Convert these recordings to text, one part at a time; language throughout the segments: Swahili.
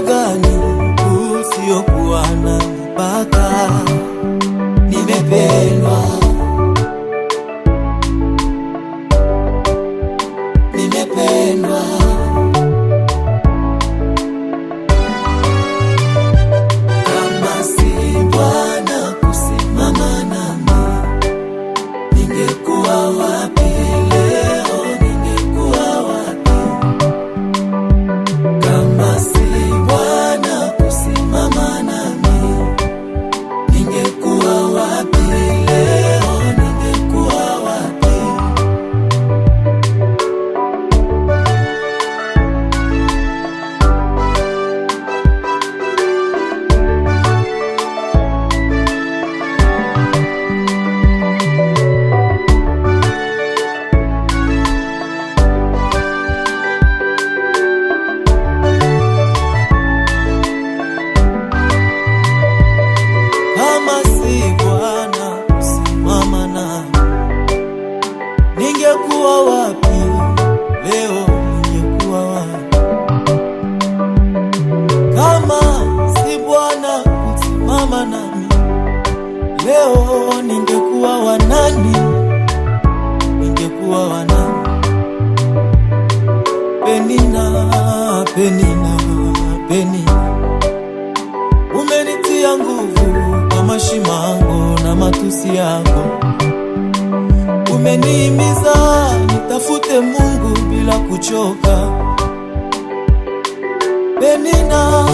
upendo gani usiokuwa na mpaka, nimependwa leo ningekuwa wanani, ningekuwa wanani. Penina, Penina, Penina, umenitia nguvu kwa mashima yangu na matusi yako, umenihimiza nitafute Mungu bila kuchoka. Penina,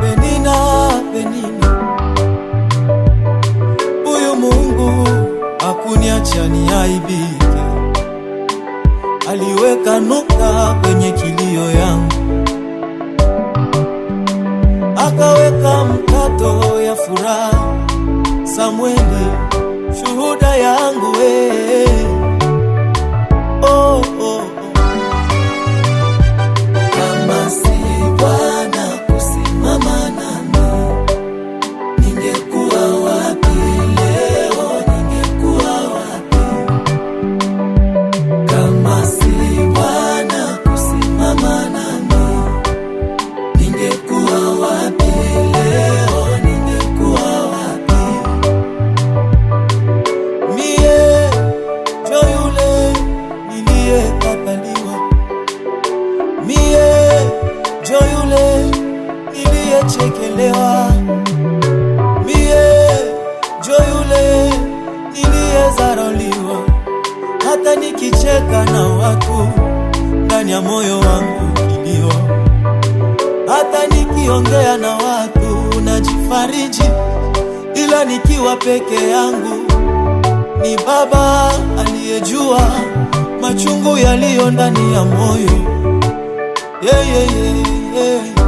Penina, Penina kwenye kilio yangu, akaweka mkato ya furaha Samweli nimechekelewa mie jo yule niliyezaroliwa, hata nikicheka na watu ndani ya moyo wangu kilio, hata nikiongea na watu najifariji, ila nikiwa peke yangu ni Baba aliyejua machungu yaliyo ndani ya moyo. Yeah, yeah, yeah, yeah.